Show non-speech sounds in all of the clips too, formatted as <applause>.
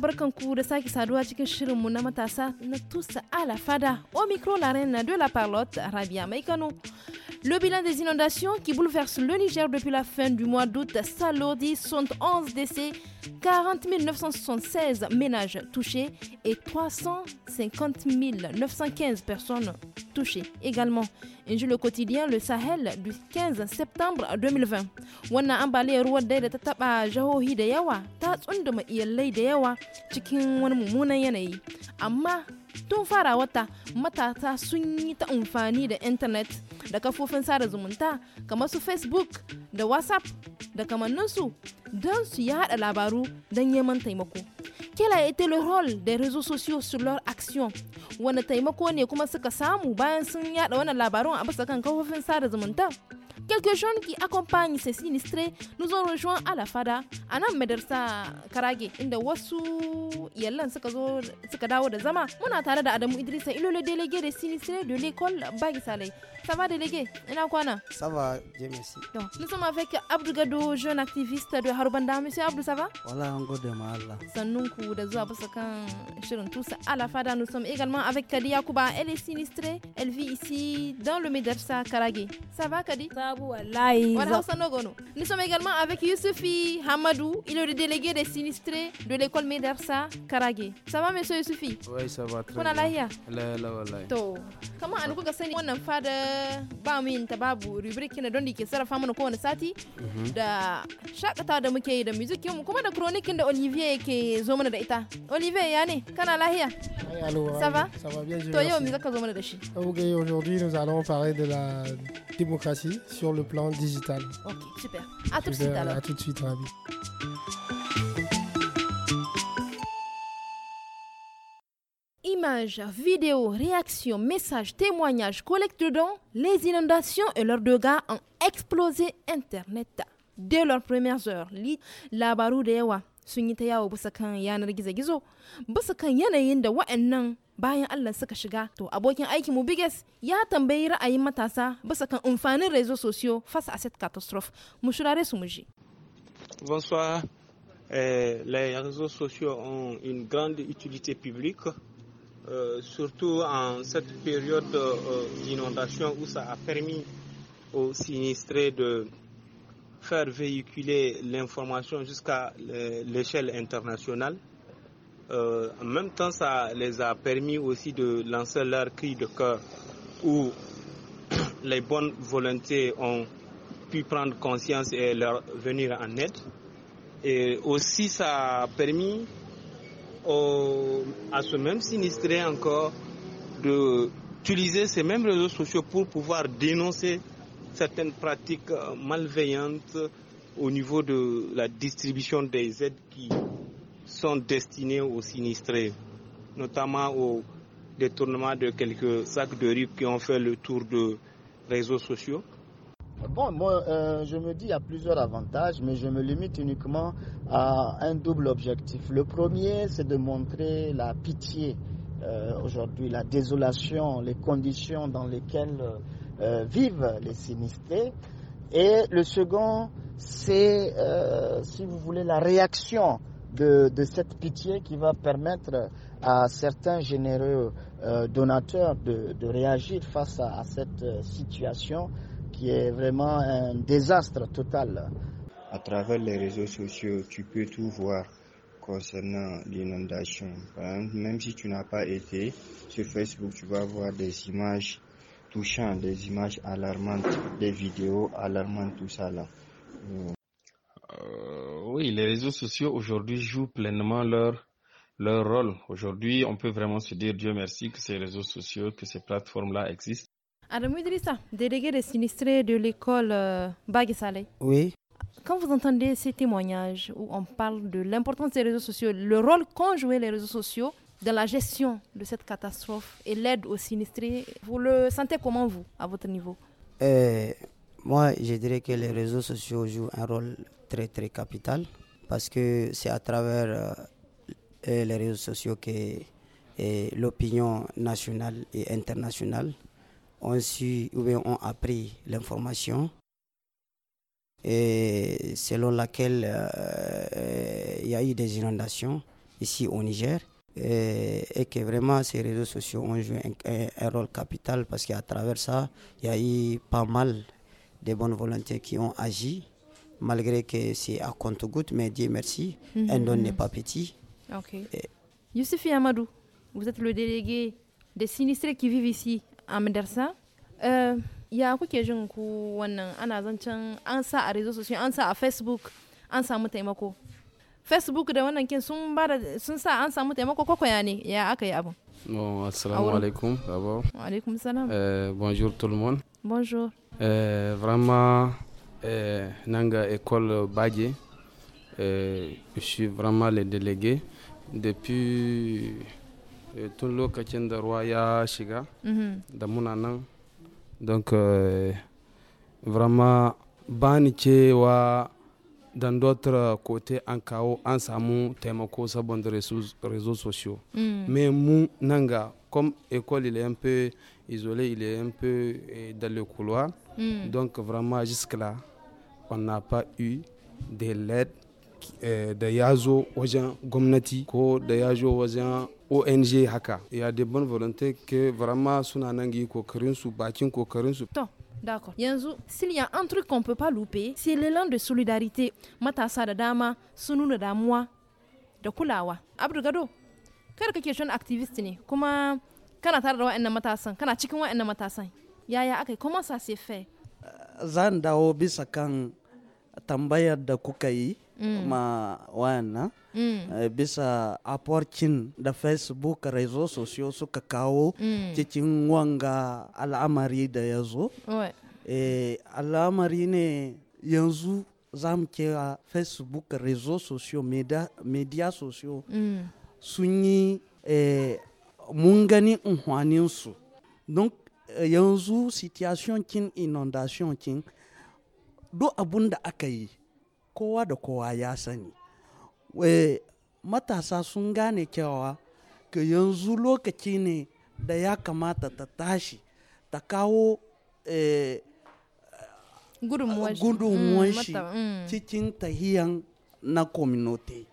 barkan ku da sake saduwa cikin shirinmu na matasa na tusa ala fada omicron micro na reine rabia mai kano Le bilan des inondations qui bouleversent le Niger depuis la fin du mois d'août sont 11 décès, 40 976 ménages touchés et 350 915 personnes touchées également. Un jeu le quotidien, le Sahel, du 15 septembre 2020. tun fara wata matasa sun yi ta amfani da intanet da kafofin sada zumunta kamar su facebook da whatsapp da kamanninsu don su yada labaru don neman taimako kila a le rôle des réseaux sociaux sur action wani taimako ne kuma suka samu bayan sun yada wannan labarun a bisa kan kafofin sada zumunta Quelques jeunes qui accompagnent ces sinistrés nous ont rejoint à la FADA, à la madarsa Karage, inda wasu yallan suka zo suka dawo da zama. Muna tare da Adamu il est le délégué des sinistrés de l'école Bagi Ça va délégué Ina Ça va, bien merci. Donc, nous sommes avec Abdou Gado, jeune activiste de Harubanda. Monsieur Abdou, ça va Voilà, on gode ma Sanunku da zuwa basakan shirin tusa à la FADA. Nous sommes également avec Kadi Yakuba, elle est sinistrée, elle vit ici dans le Medersa Karage. Ça va Kadi Ça nous sommes également avec Youssoufi Hamadou, il est le délégué des sinistrés de l'école Medersa Karagé. Ça va, monsieur Youssoufi Oui, ça va. Très bien. La la wallahi. To. Comment an kuka sani wannan fada ba mu yin ta babu rubric na don dike sarrafa mana kowane sati mhm. da shakata da muke yi da music mu kuma da chronic da Olivier yake zo mana da ita. Olivier ya ne? Kana lahiya? Ça va Ça va bien, je Toi, yo, mi zo mana da shi. Aujourd'hui, nous allons parler de la démocratie sur sur le plan digital. Ok, super. À tout de suite alors. À tout de suite, Ravi. Images, vidéos, réactions, messages, témoignages, collecte de dons, les inondations et leurs dégâts ont explosé Internet. Dès leurs premières heures, la baroudewa, sunita yao busakan yanar gizo busakan yanayin da wa'annan catastrophe bonsoir eh, les réseaux sociaux ont une grande utilité publique euh, surtout en cette période euh, d'inondation où ça a permis aux sinistrés de faire véhiculer l'information jusqu'à euh, l'échelle internationale. Euh, en même temps, ça les a permis aussi de lancer leur cri de cœur où <clears throat> les bonnes volontés ont pu prendre conscience et leur venir en aide. Et aussi, ça a permis à ce même sinistré encore d'utiliser ces mêmes réseaux sociaux pour pouvoir dénoncer certaines pratiques euh, malveillantes au niveau de la distribution des aides qui sont destinés aux sinistrés, notamment au détournement de quelques sacs de riz qui ont fait le tour de réseaux sociaux Bon, moi, euh, je me dis à y a plusieurs avantages, mais je me limite uniquement à un double objectif. Le premier, c'est de montrer la pitié euh, aujourd'hui, la désolation, les conditions dans lesquelles euh, vivent les sinistrés. Et le second, c'est, si vous voulez, la réaction de, cette pitié qui va permettre à certains généreux euh, donateurs de, réagir face à, cette euh, situation qui est vraiment un désastre total. À travers les réseaux sociaux, tu peux tout voir concernant l'inondation. Même si tu n'as pas été sur Facebook, tu vas voir des images touchantes, des images alarmantes, des vidéos alarmantes, tout ça là. Euh, oui, les réseaux sociaux aujourd'hui jouent pleinement leur, leur rôle. Aujourd'hui, on peut vraiment se dire Dieu merci que ces réseaux sociaux, que ces plateformes-là existent. Adam Idrissa, délégué des sinistrés de l'école euh, Baghe Oui. Quand vous entendez ces témoignages où on parle de l'importance des réseaux sociaux, le rôle qu'ont joué les réseaux sociaux dans la gestion de cette catastrophe et l'aide aux sinistrés, vous le sentez comment vous, à votre niveau euh, Moi, je dirais que les réseaux sociaux jouent un rôle très très capital parce que c'est à travers euh, euh, les réseaux sociaux que euh, l'opinion nationale et internationale ont su ou bien ont appris l'information et selon laquelle il y a eu des inondations ici au Niger et, que vraiment ces réseaux sociaux ont joué un rôle capital parce qu'à travers ça, il y a eu pas mal de bonnes volontés qui ont agi malgré que c'est à compte-goutte, mais Dieu merci, mm -hmm. un don mhm. n'est pas petit. Ok. Et... Youssef Amadou, vous êtes le délégué des sinistrés qui vivent ici à Medersa. Euh, y a jin question wannan ana zancen an sa a réseaux sociaux an sa a facebook an samu taimako facebook da wannan kin sun ba da sun sa an samu taimako kwakwaya ne ya aka yi abin bon assalamu alaikum d'abord alaikum salam euh, bonjour tout le monde bonjour euh, vraiment euh, nanga École Badje. Euh, je suis vraiment le délégué. Depuis euh, tout le lokacin da ruwa ya shiga mhm. da muna Donc euh, vraiment bani wa dans d'autres côtés en kawo en samu taimako saboda réseaux sociaux mhm. mais mu nanga comme école il est un peu isolé, il est un peu euh, dans le couloir. Hmm. Donc vraiment jusque-là, on n'a pas eu de l'aide euh, de Yazo zo Gomneti Gomnati ko Yazo Yazo zo ONG haka. il y a des bonnes volontés que vraiment Sunanangi nan yi kokarin su bakin su. To, D'accord. Yanzu, s'il y a un truc qu'on ne peut pas louper, c'est l'élan de solidarité. matassa de dama, sunu da damuwa, da kulawa. Abdu Gado, kar kake activiste ne, kuma kana tare da wa'annan matasan kana cikin wa'annan matasan yaya aka yi kuma sa fe zan dawo bisa kan tambayar da kuka yi mm. ma wayannan mm. eh, bisa aporcin da facebook rezo sosiyo suka kawo mm. cikin wanga al'amari da ya zo eh, al'amari ne yanzu za mu kira facebook rezo sosiyo media, sosiyo sun yi eh, mun gani unhwaninsu don eh, yanzu situation kin inundation kin duk abun da aka yi kowa da kowa ya sani eh, matasa sun gane cewa ka yanzu lokaci ne da ya kamata ta tashi ta kawo eh, gudunmuwan shi mm, mm. cikin tahiyan na kominote.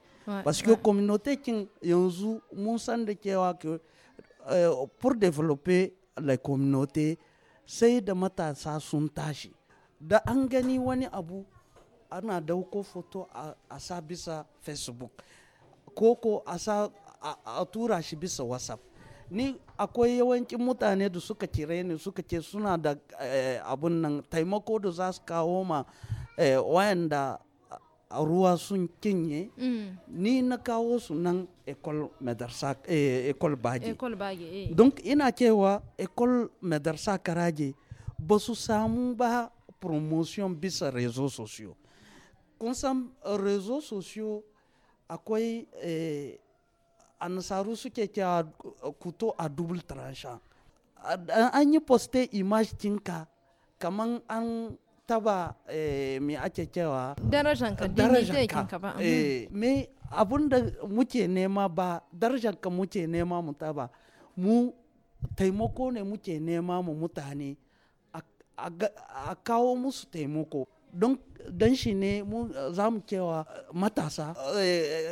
basu que communauté kin yanzu mun san da cewa Euh, pour développer la communauté sai da matasa sun tashi da an gani wani abu ana dauko foto a sa bisa facebook koko a sa a tura shi bisa whatsapp ni akwai yawancin mutane da suka cire ni suka ce suna da eh, abun nan taimako da za su kawo ma eh, wayanda ruwa sun kinye mm. ni na kawo su nan ecole madarsa eh, ecole bage eh. donc ina cewa ecole madarsa karaje ba su samu ba promotion bisa réseaux sociaux kun san eh, réseaux sociaux akwai a nasaru suke cewa kuto a double tranchant an yi poste image kinka kaman an taba eh, mai ake cewa darajanka ka ba eh, mhm. me abun da muke nema ba ka muke nema mu ba mu taimako ne muke nema mu mutane a kawo musu taimako don don shi ne mu za mu cewa matasa eh,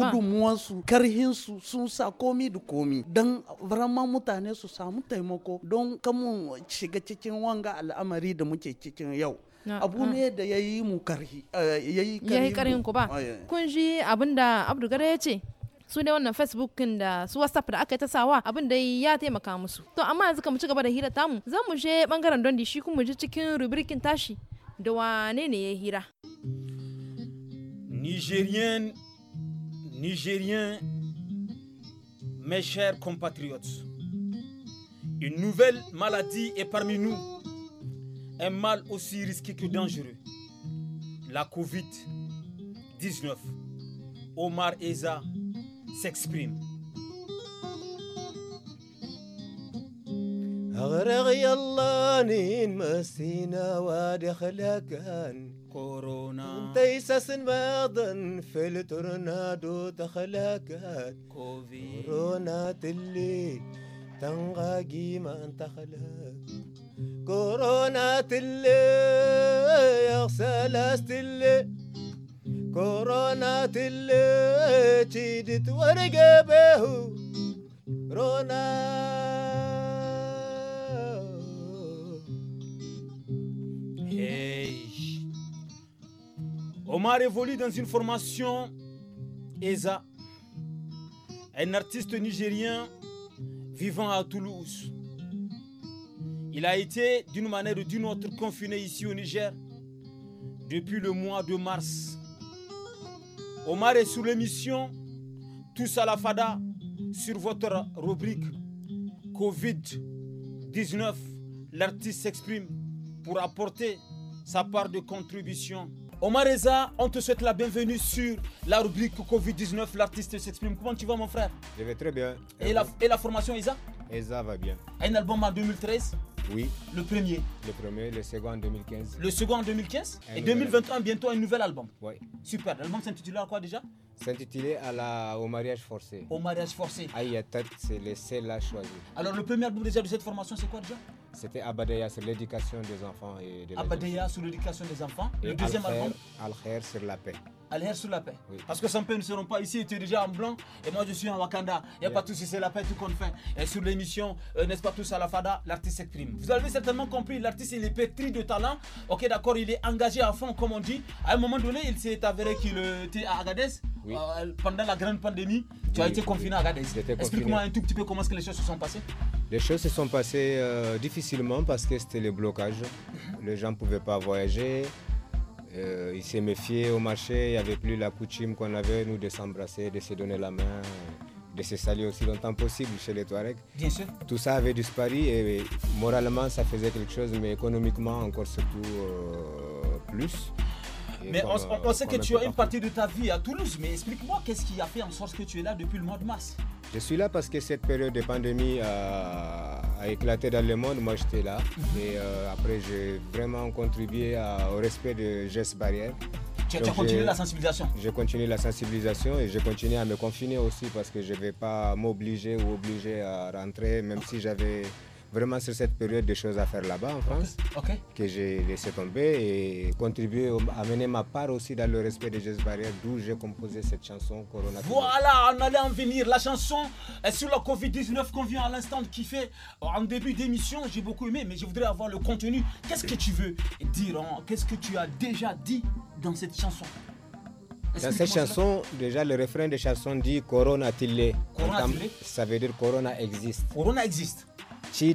gudunmuwansu karhinsu sun sa komi da komi don vraiment mutane su samu taimako don kamun shiga cikin wanga al'amari da muke cikin yau abu ne da ya yi mu karhi eh, ya yi karhin ku ba eh. kun ji abinda abdugara ya ce su ne wannan facebook da su whatsapp da aka yi ta sawa abin da ya taimaka musu to amma yanzu ka mu ci gaba da hira tamu zan mu je bangaren dondi shi kuma mu ji cikin rubrikin tashi Nigérien, nigérien mes chers compatriotes une nouvelle maladie est parmi nous un mal aussi risqué que dangereux la covid 19 omar eza s'exprime أغرق يلا نين مسينا وادي كان كورونا انتيسس ماضن في الترنادو تخلاكات كوفيد كورونا تلي تنغاقي ما خلاك كورونا تلي يا سلاس تلي كورونا تلي تيدت ورقة بهو رونا Omar évolue dans une formation ESA, un artiste nigérien vivant à Toulouse. Il a été d'une manière ou d'une autre confiné ici au Niger depuis le mois de mars. Omar est sur l'émission Tous à la Fada sur votre rubrique Covid-19. L'artiste s'exprime pour apporter sa part de contribution. Omar Reza, on te souhaite la bienvenue sur la rubrique Covid-19, l'artiste s'exprime. Comment tu vas mon frère Je vais très bien. Et, la, formation Isa Isa va bien. Un album en 2013 Oui. Le premier Le premier, le second en 2015. Le second en 2015 eh Et 2021, bientôt un nouvel album Oui. Super. L'album à quoi déjà intitulé au mariage forcé. Au mariage forcé. Ayatat, ah, c'est le la à choisir. Alors, le premier album déjà de cette formation, c'est quoi déjà C'était Abadeya sur l'éducation des enfants et de Abadeya sur l'éducation des enfants. le deuxième album Al-Khair sur la paix aller sur la paix. Parce que sans paix, nous ne serons pas ici. Tu es déjà en blanc et moi je suis en Wakanda. Il n'y a pas tout si c'est la paix tout qu'on fait. Et sur l'émission, euh, n'est-ce pas tous à la fada, l'artiste s'exprime. Vous avez certainement compris, l'artiste il est pétri de talent. Ok, d'accord, il est engagé à fond, comme on dit. À un moment donné, il s'est avéré qu'il euh, était à Agadez. Euh, pendant la grande pandémie, tu as été confiné à Agadez. Explique-moi un tout petit peu comment est-ce que les choses se sont passées. Les choses se sont passées difficilement parce que c'était le blocage. Les gens ne pouvaient pas voyager. Euh, il s'est méfié au marché, il n'y avait plus la coutume qu'on avait, nous, de s'embrasser, de se donner la main, de se saluer aussi longtemps possible chez les Touaregs. Bien sûr. Tout ça avait disparu et moralement, ça faisait quelque chose, mais économiquement, encore surtout euh, plus. mais on, on, euh, sait que tu as une partie de ta vie à Toulouse, mais explique-moi qu'est-ce qui a fait en sorte que tu es là depuis le mois de mars je suis là parce que cette période de pandémie euh, a, éclaté dans le monde. Moi, j'étais là. Mais mhm. euh, après, j'ai vraiment contribué au respect de gestes barrières. Tu, tu as continué la sensibilisation J'ai continué la sensibilisation et j'ai continué à me confiner aussi parce que je ne vais pas m'obliger ou obliger à rentrer, même si j'avais vraiment sur cette période de choses à faire là-bas en France, que j'ai laissé tomber et contribué à mener ma part aussi dans le respect des gestes barrières, d'où j'ai composé cette chanson Corona. Voilà, on allait en venir. La chanson est sur la Covid-19 qu'on vient à l'instant de kiffer en début d'émission. J'ai beaucoup aimé, mais je voudrais avoir le contenu. Qu'est-ce que tu veux dire hein? Qu'est-ce que tu as déjà dit dans cette chanson dans cette chanson, déjà le refrain de chanson dit Corona Tillé. Ça veut dire Corona existe. Corona existe. Ça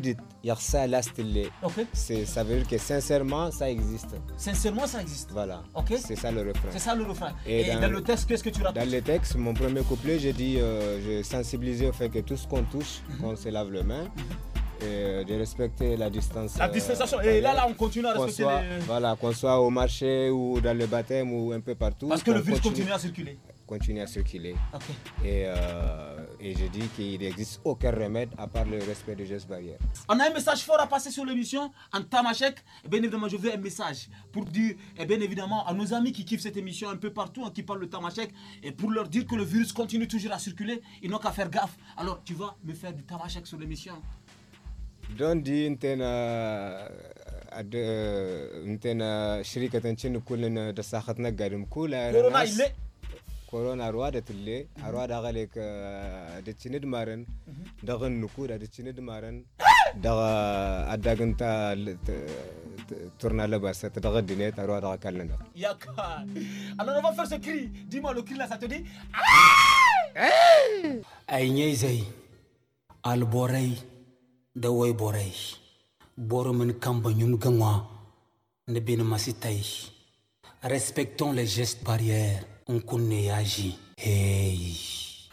veut dire que sincèrement, ça existe. Sincèrement, ça existe. Voilà. C'est ça le refrain. C'est ça le refrain. Et, dans, le texte, qu'est-ce que tu racontes Dans le texte, mon premier couplet, j'ai dit, euh, je j'ai sensibilisé au fait que tout ce qu'on touche, mhm. on se lave les mains. Mhm. Et euh, de respecter la distance. La euh, distanciation. et là, là, on continue à respecter. les... Voilà, qu'on soit au marché ou dans le baptême ou un peu partout. Parce que le virus continue à circuler continue à circuler. Okay. Et, euh, et, je dis qu'il n'existe aucun remède à part le respect des gestes barrières. On a un message fort à passer sur l'émission en Tamachek. Eh bien évidemment, je veux un message pour dire, et eh bien évidemment, à nos amis qui kiffent cette émission un peu partout, hein, qui parlent le Tamachek, et pour leur dire que le virus continue toujours à circuler, ils n'ont qu'à faire gaffe. Alors, tu vas me faire du Tamachek sur l'émission don di euh, ad euh, shirikatan cin da sahat kula corona ruwa da tulle a ruwa da gale ka da cini dumaran nuku da da cini dumaran da adagan ta tourna le basse ta daga dine ta ruwa daga yaka alors on va faire ce cri dis-moi le cri là ça te dit ay ñey zay al boray da way boray boro men kamba ñum gangwa ne bin masitay respectons les gestes barrières connaît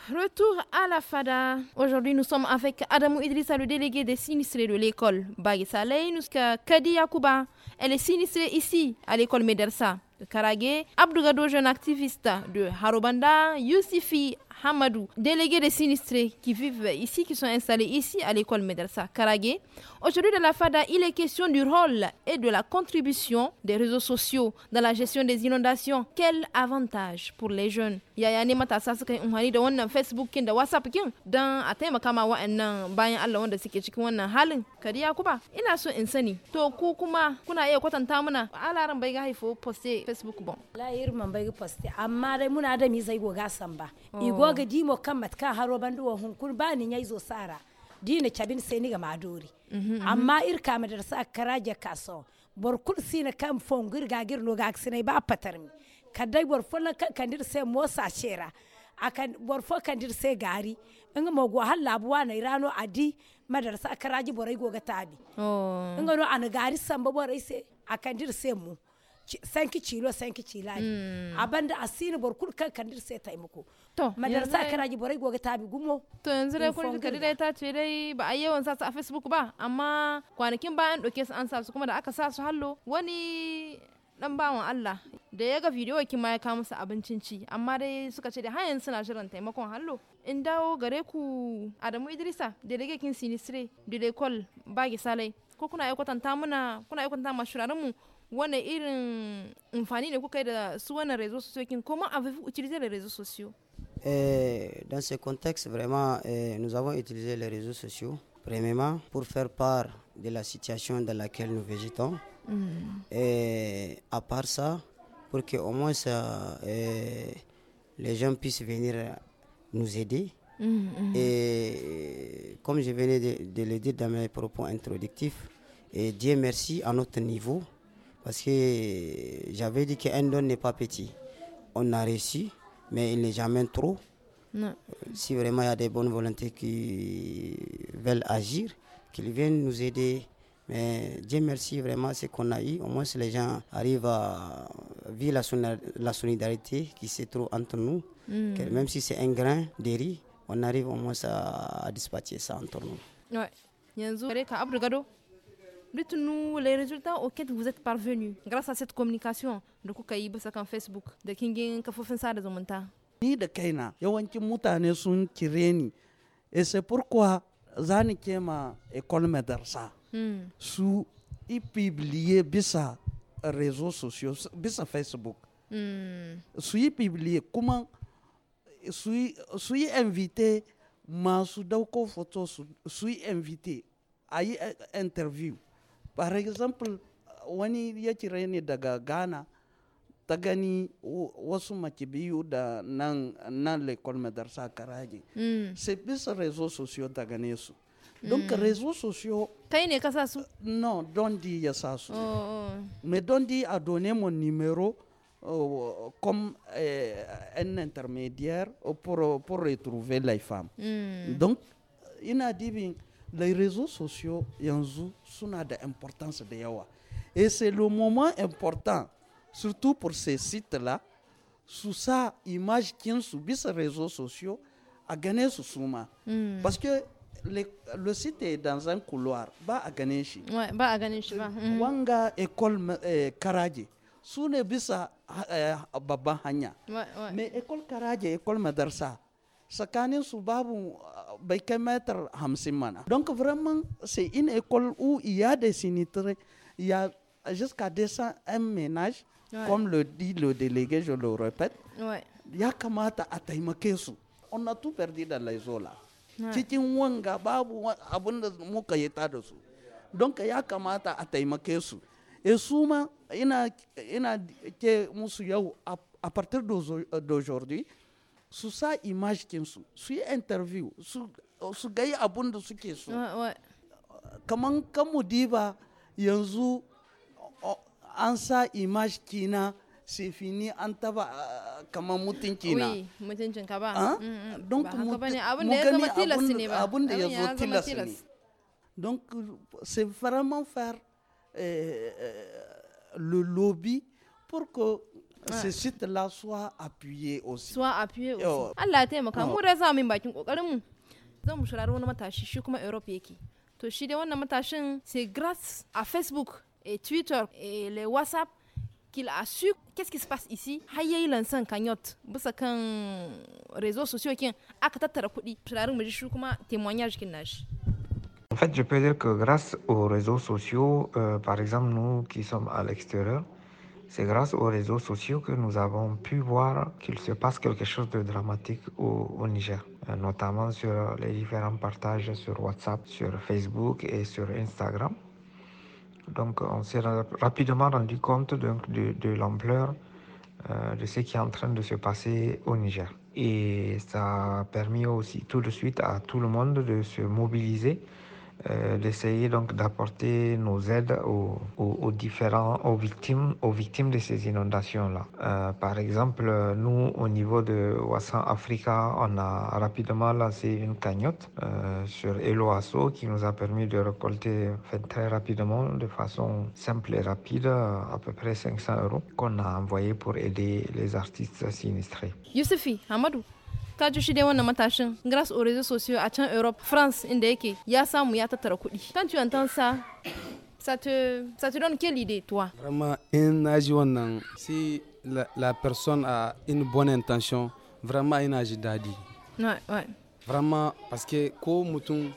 Retour à la FADA. Aujourd'hui, nous sommes avec Adamou Idrissa, le délégué des sinistrés de l'école Bagisalein, Kadi Yakuba. Elle est sinistrée ici, à l'école Medersa de Karagé. Abdougado, jeune activiste de Harobanda, Youssifi Hamadou, délégué des sinistrés qui vivent ici, qui sont installés ici à l'école madrasa Karagé. Aujourd'hui, dans la FADA, il est question du rôle et de la contribution des réseaux sociaux dans la gestion des inondations. Quel avantage pour les jeunes Yaya ne matasa a dit unhani da wannan Facebook kin da WhatsApp kin y a taimaka ma wa'annan bayan Allah wanda suke cikin wannan halin. qui kuba ina so in sani. To ku kuma kuna iya kwatanta muna alaran bai ga poster Facebook bon. La irin man bai Amare amma dai muna da un zai goga san ba. Oh. oge dimo kan matka haro bandu wa hun ba ni nyai zo sara dina cabin sai ga maduri mhm, mhm. amma irka madarsa akaraja kaso bor kul sina kam fon girga girno ga aksinai ba patarmi kadai bor fola kandir sai mosa shera akan borfo kandir sai gari in ga mogo har labuwa na irano adi madarsa akaraji borai goga tabi oh. in ga no an gari samba borai sai akan dir sai mu sanki cilo sanki cilani mm. abanda asini bor kul kan kandir sai taimako sa kana ji borai goga ta bi gumo to yanzu dai kun duka dai ta ce dai ba a yawan sa su a facebook ba amma kwanakin bayan doke su an sa su kuma da aka sa su hallo wani dan bawan Allah da ya ga bidiyo ma ya kawo musu abincin ci amma dai suka ce da hayan suna shirin taimakon hallo in dawo gare ku Adamu Idrisa delegate kin sinistre de l'école bagi salai ko kuna yi kwatanta muna kuna yi kwatanta ma shirarin mu wani irin amfani ne kuka yi da su wannan rezo sosiyo kin ko ma a utilize da rezo sosiyo. dans ce contexte, vraiment, nous avons utilisé les réseaux sociaux, premièrement, pour faire part de la situation dans laquelle nous végétons. Mm. Et à part ça, pour que au moins les gens puissent venir nous aider. Mm, mm. Et comme je venais de, le dire dans mes propos introductifs, et Dieu merci à notre niveau, parce que j'avais dit qu'un don n'est pas petit. On a réussi, mais il n'est jamais trop. Euh, si vraiment il y a des bonnes volontés qui veulent agir, qu'ils viennent nous aider. Mais Dieu merci vraiment c'est qu'on a eu. Au moins, les gens arrivent à vivre la solidarité qui se trouve entre nous. Hmm. Que même si c'est un grain de riz, on arrive au moins à, à dispatcher ça entre nous. Ouais dites-nous les résultats auxquels vous êtes parvenus grâce à cette communication de kuka sur Facebook da kingin kafofin sada zumunta. Ni da kaina yawancin mutane sun kire ni, et c'est pourquoi za ni kema école madarsa hmm. Sous publié publier bisa réseaux sociaux bisa Facebook. Hmm. Sous yi publier kuma su yi invité masu dauko photo su invité a y interview for example wani ya kire ni daga ghana ta gani wasu mace biyu da nan nan lekol madarsa karaji mm. sai bisa rezo daga ta su mm. donc mm. rezo sosiyo kai ne ka sa su uh, non don ya sa su oh, oh. a donné mon numéro uh, comme euh, un intermédiaire pour, pour retrouver la femme. mm. donc ina dit les réseaux sociaux yanzu sont da importance et c'est le moment important surtout pour ces sites là sous sa image subi ces réseaux sociaux à gagner ce suma hmm. parce que le, site est dans un couloir ba a gane shi ouais, ba a ba hmm. wanga école eh, karaje ne bisa eh, babban hanya mais école karaje école madarsa tsakanin su babu bai kai Donc vraiment, c'est une école où il y a des sinistrés, il y a jusqu'à 201 ménages, ouais. comme le dit le délégué, je le répète. Ouais. Il y a kamata a taimake On a tout perdu dans les eaux là. Cikin wanga babu abin da da su. Don ya kamata a taimake Et souvent, ina, ina ke musu yau, à partir euh, d'aujourd'hui, sous sa imajikinsu su yi interview su gayi abun da suke so comment kan mu diba yanzu en sa imaj kina c'est fini en tava mutunci na mutuncin ka ba ah? mm, mm, mm. donc mu gani abun da ya zo tilas donc c'est vraiment faire euh, le lobby pour que ce site-là soit appuyé aussi. Soit appuyé aussi. Allah ya taimaka mu dai za mu yi kokarin mu. Zan mu shirari wani matashi shi kuma Europe yake. To shi dai wannan matashin c'est grâce à Facebook et Twitter et les WhatsApp qu'il a su qu'est-ce qui se passe ici har yayi lansan kanyot bisa kan réseaux sociaux kin aka tattara kuɗi turarin mu ji shi kuma témoignage kin nashi En fait, je peux dire que grâce aux réseaux sociaux, euh, par exemple, nous qui sommes à l'extérieur, c'est grâce aux réseaux sociaux que nous avons pu voir qu'il se passe quelque chose de dramatique au, Niger, euh, notamment sur les différents partages sur WhatsApp, sur Facebook et sur Instagram. Donc on s'est rapidement rendu compte de, de l'ampleur euh, de ce qui est en train de se passer au Niger. Et ça a permis aussi tout de suite à tout le monde de se mobiliser euh, d'essayer donc d'apporter nos aides aux, différents aux victimes aux victimes de ces inondations là. Euh, par exemple, nous au niveau de Wassan Africa, on a rapidement lancé une cagnotte euh, sur Eloasso qui nous a permis de récolter très rapidement, de façon simple et rapide, à peu près 500 euros qu'on a envoyé pour aider les artistes sinistrés. Youssefi, Hamadou ta ji shi dai wannan matashin grâce aux réseaux sociaux a can Europe France inda yake ya samu ya tattara kuɗi kan ciwon tansa ça te, ça te donne quelle idée, toi Vraiment, si la, la, personne a une bonne intention, vraiment, il agit d'adi. Ouais, ouais. Vraiment, parce que ko mutum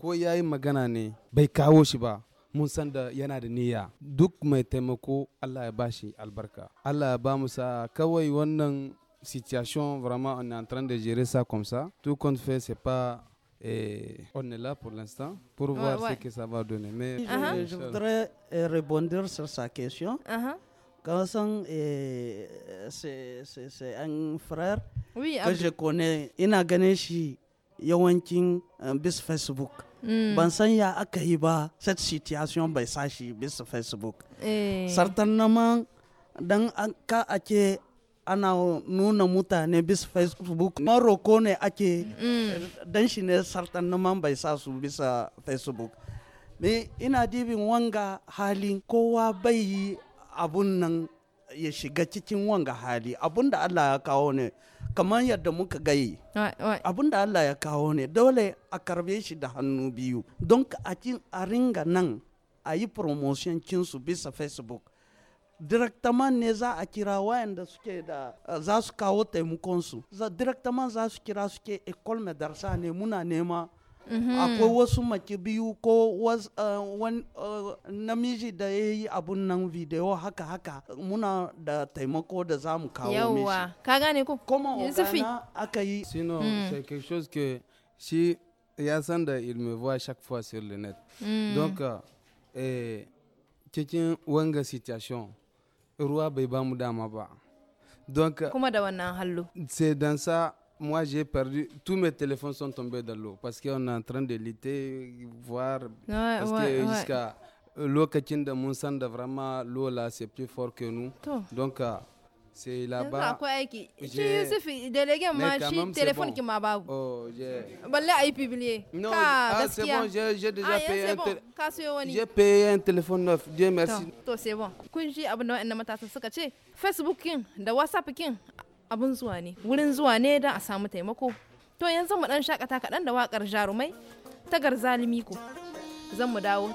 ko yayi magana ne bai kawo shi ba mun san da yana da niyya duk mai taimako Allah ya bashi albarka Allah ya ba mu sa kawai wannan situation, vraiment, on est en train de gérer ça comme ça. Tout compte fait, c'est pas et eh, on est là pour l'instant pour voir ce que ça va donner. Mais je, uh-huh. voudrais eh, rebondir sur sa question. Uh-huh. Eh, c'est un frère que je connais. Il a gagné chez un bis Facebook. Hmm. Ban ya cette situation ben, sur sashi Facebook. Certainement, dans un cas ake ana nuna mutane bisa facebook maroko ne ake dan shi ne sartan naman bai sa su bisa facebook me ina dibin wanga hali. kowa bai yi abun nan ya shiga cikin wanga hali abun da allah ya kawo ne kamar yadda muka gayi abun da allah ya kawo ne dole a karbe shi da hannu biyu don a ringa nan a yi promotion cinsu bisa facebook direktaman ne za a kira wayanda suke da eh, za su kawo taimakonsu za direktaman za su kira suke ecole madarsa ne muna nema mhm. akwai wasu maki biyu ko eh, eh, namiji da ya yi abun nan video haka haka muna da taimako da za mu kawo mishi yawa ka gane ku koma ogana aka yi sino mm. c'est quelque chose que si ya san da il me voit chaque fois sur le net mm. donc cikin wanga situation Rua donc c'est dans ça moi j'ai perdu tous mes téléphones sont tombés dans l'eau parce qu'on est en train de lutter voir parce que jusqu'à l'eau que de Monsanto vraiment l'eau là c'est plus fort que nous donc euh, c'est là akwai aiki sais, délégué, moi, ma suis téléphone qui ma babu oh Bon, là, il publie. non ah c'est bon j'ai déjà ah, payé un téléphone j'ai payé un téléphone neuf dieu merci to c'est bon kun ji abin da wa'annan matasa suka ce facebook kin da whatsapp kin abun zuwa ne wurin zuwa ne da a samu taimako to yanzu mu ɗan shakata kaɗan da wakar jarumai ta garzalimi ko zan mu dawo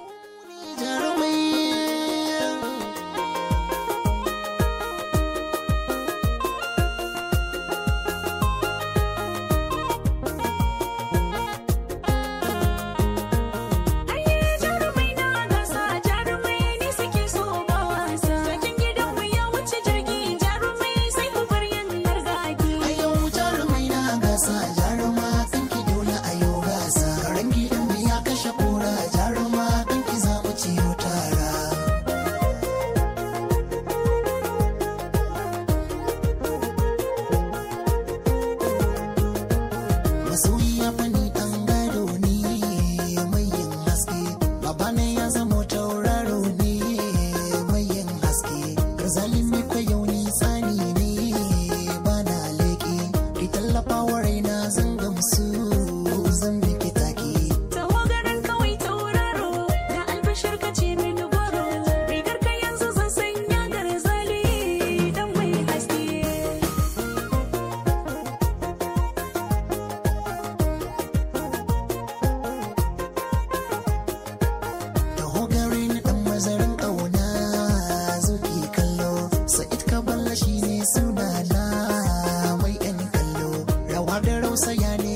say your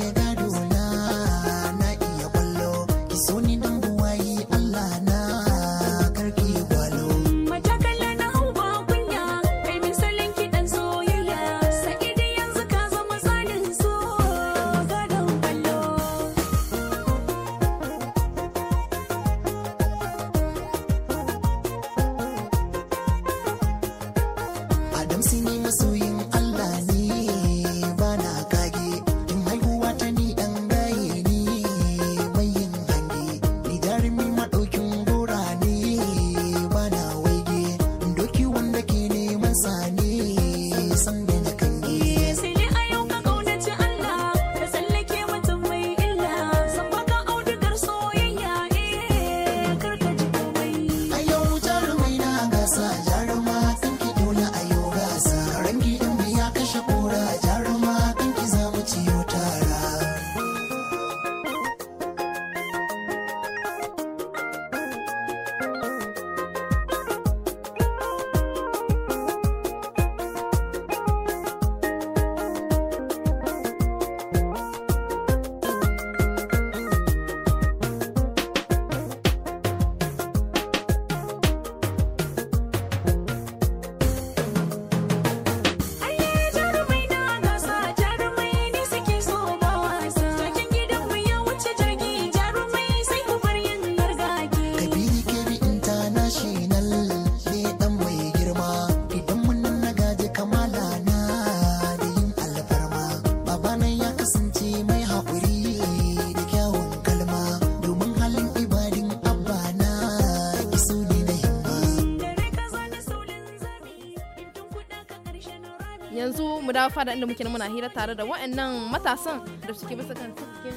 fada inda muke muna hira tare da wa'annan matasan da suke bisa kan cikin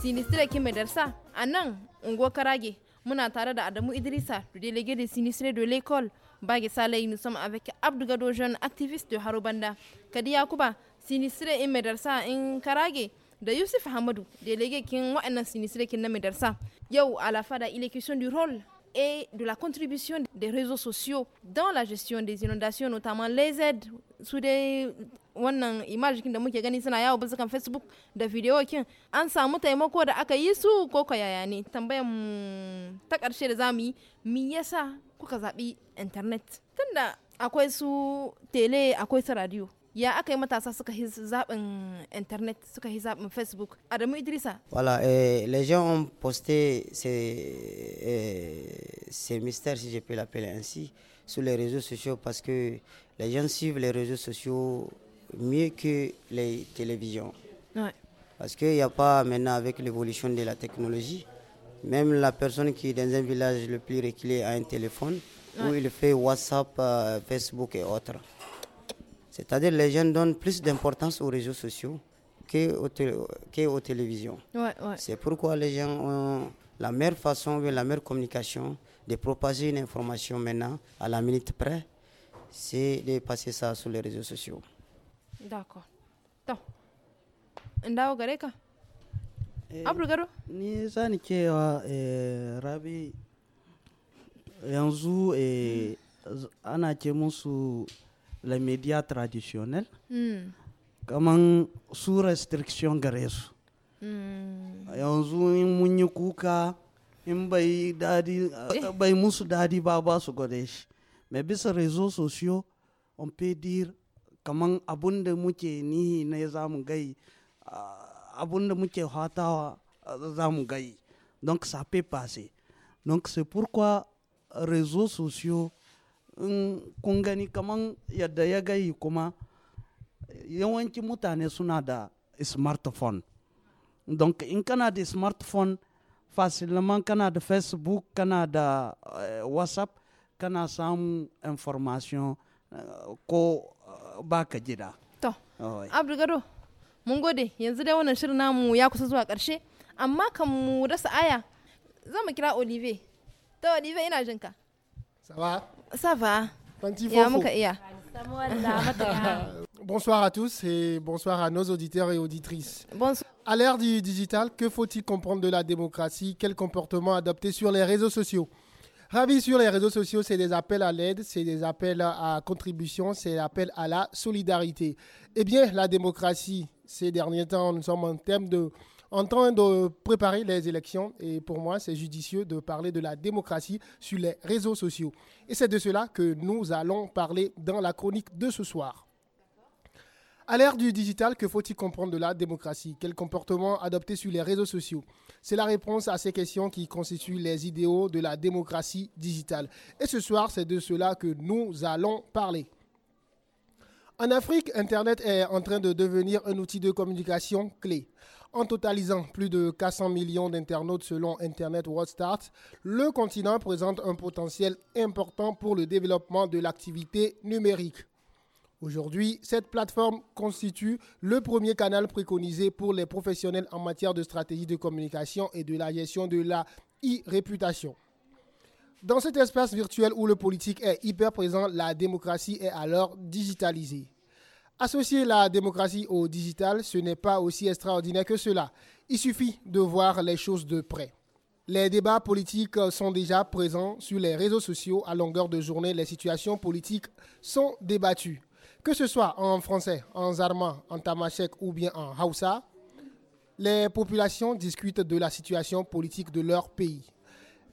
sinistire kin mai darsa a nan unguwar karage muna tare da Adamu Idrissa du délégué de sinistre de l'école Bagé nous sommes avec Abdou Gado jeune activiste de Harubanda Kadi Yakuba sinistre in mai darsa in karage da yusuf hamadu délégué kin waɗannan sinistre kin na mai darsa yau a la fada il question du rôle et de la contribution des réseaux sociaux dans la gestion des inondations, notamment les aides sous des wannan imajikin da muke gani suna yawo bisa facebook da video kin an samu taimako da aka yi su ko ko yaya ne tambayar mu ta karshe da zamu yi me yasa kuka zabi internet tunda akwai su tele akwai su radio ya aka yi matasa suka yi zaɓin internet suka yi zaɓin facebook adamu idrisa wala euh, les gens ont posté ces, euh, ces mystères si je peux l'appeler ainsi sur les réseaux sociaux parce que les gens suivent les réseaux sociaux mieux que les télévisions. Parce qu'il n'y a pas maintenant avec l'évolution de la technologie, même la personne qui est dans un village le plus reculé a un téléphone où il fait WhatsApp, euh, Facebook et autres. C'est-à-dire les gens donnent plus d'importance aux réseaux sociaux qu'aux télévisions. C'est pourquoi les gens ont la meilleure façon, la meilleure communication de propager une information maintenant à la minute près, c'est de passer ça sur les réseaux sociaux. d'accord to in dawo gare ka eh, abulgaro ni za ni kewa eh, rabi yanzu eh, ana ce musu la media traditionnel hmm. kaman su restriction gare su hmm. yanzu in mun yi kuka in bai dadi bai musu dadi ba ba su gode shi mais bisa réseaux sociaux on peut dire kaman abun da muke nihi ne za mu gai ah, abun da muke hatawa ah, za mu gai donc ça peut passer donc c'est pourquoi rezo sociaux in kun gani kaman yadda ya gai kuma yawanci mutane suna da smartphone ka in kana da smartphone fasilaman kana da facebook kana da eh, whatsapp kana samun information eh, ko Bonsoir à tous et bonsoir à nos auditeurs et auditrices. Bonsoir. À l'ère du digital, que faut-il comprendre de la démocratie Quel comportement adopter sur les réseaux sociaux Ravi sur les réseaux sociaux, c'est des appels à l'aide, c'est des appels à contribution, c'est des appels à la solidarité. Eh bien, la démocratie, ces derniers temps, nous sommes en de en train de préparer les élections et pour moi, c'est judicieux de parler de la démocratie sur les réseaux sociaux. Et c'est de cela que nous allons parler dans la chronique de ce soir. À l'ère du digital, que faut-il comprendre de la démocratie Quel comportement adopter sur les réseaux sociaux C'est la réponse à ces questions qui constituent les idéaux de la démocratie digitale. Et ce soir, c'est de cela que nous allons parler. En Afrique, Internet est en train de devenir un outil de communication clé. En totalisant plus de 400 millions d'internautes selon Internet World Start, le continent présente un potentiel important pour le développement de l'activité numérique. Aujourd'hui, cette plateforme constitue le premier canal préconisé pour les professionnels en matière de stratégie de communication et de la gestion de la e-réputation. Dans cet espace virtuel où le politique est hyper présent, la démocratie est alors digitalisée. Associer la démocratie au digital, ce n'est pas aussi extraordinaire que cela. Il suffit de voir les choses de près. Les débats politiques sont déjà présents sur les réseaux sociaux. À longueur de journée, les situations politiques sont débattues que ce soit en français, en zarma, en tamashek ou bien en hausa, les populations discutent de la situation politique de leur pays.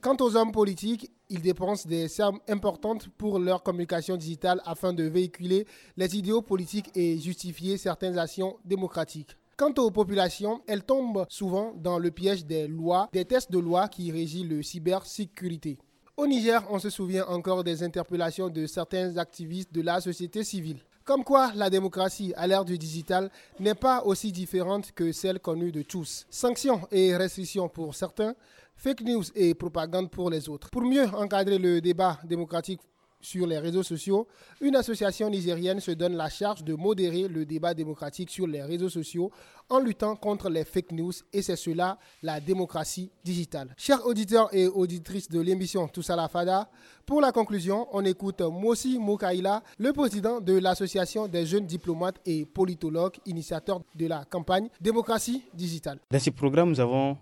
Quant aux hommes politiques, ils dépensent des sommes importantes pour leur communication digitale afin de véhiculer les idéaux politiques et justifier certaines actions démocratiques. Quant aux populations, elles tombent souvent dans le piège des lois, des tests de loi qui régissent le cybersécurité. Au Niger, on se souvient encore des interpellations de certains activistes de la société civile. Comme quoi, la démocratie à l'ère du digital n'est pas aussi différente que celle connue de tous. Sanctions et restrictions pour certains, fake news et propagande pour les autres. Pour mieux encadrer le débat démocratique sur les réseaux sociaux, une association nigérienne se donne la charge de modérer le débat démocratique sur les réseaux sociaux en luttant contre les fake news et c'est cela la démocratie digitale. Chers auditeurs et auditrices de l'émission Tous à la Fada, pour la conclusion, on écoute Mossi Moukaïla, le président de l'association des jeunes diplomates et politologues, initiateur de la campagne Démocratie digitale. Dans ce programme, nous avons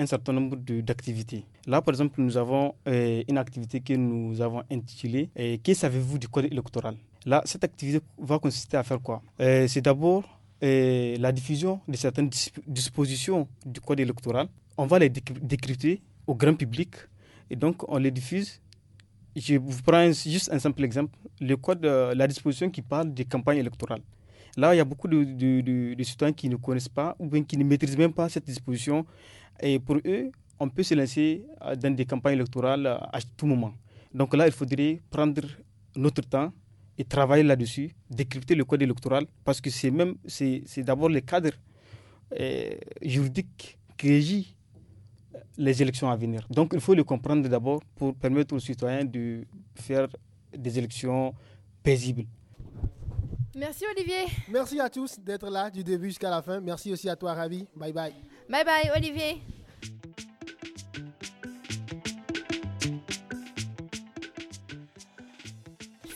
un certain nombre d'activités. Là, par exemple, nous avons euh, une activité que nous avons intitulée euh, Que savez-vous du code électoral Là, cette activité va consister à faire quoi euh, C'est d'abord euh, la diffusion de certaines dispositions du code électoral. On va les décrypter au grand public et donc on les diffuse. Je vous prends juste un simple exemple le code, la disposition qui parle des campagnes électorales. Là, il y a beaucoup de, de, de, de citoyens qui ne connaissent pas ou bien qui ne maîtrisent même pas cette disposition et pour eux, on peut se lancer euh, dans des campagnes électorales euh, à tout moment. Donc là, il faudrait prendre notre temps et travailler là-dessus, décrypter le code électoral, parce que c'est même c'est, d'abord le cadre euh, juridique qui régit les élections à venir. Donc il faut le comprendre d'abord pour permettre aux citoyens de faire des élections paisibles. Merci Olivier. Merci à tous d'être là du début jusqu'à la fin. Merci aussi à toi Ravi. Bye bye. Bye bye, Olivier.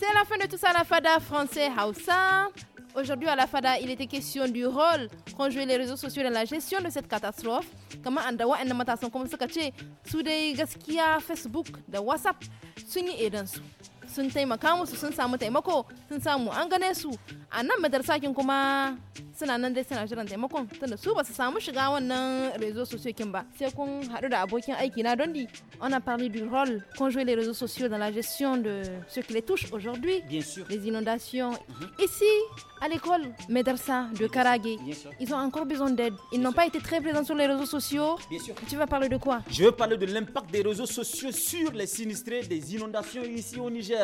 C'est la fin de tout ça, la FADA français Hausa. Aujourd'hui, à la FADA, il était question du rôle qu'ont joué les réseaux sociaux dans la gestion de cette catastrophe. Comment Andawa et Namatason, à cacher sous des gaskiya Facebook, de WhatsApp, Sunny et Dansu on a parlé du rôle qu'ont joué les réseaux sociaux dans la gestion de ce qui les touche aujourd'hui les inondations mhm. ici à l'école Médersa de Karagé ils ont encore besoin d'aide ils n'ont pas été très présents sur les réseaux sociaux tu vas parler de quoi je veux parler de l'impact des réseaux sociaux sur les sinistrés des inondations ici au Niger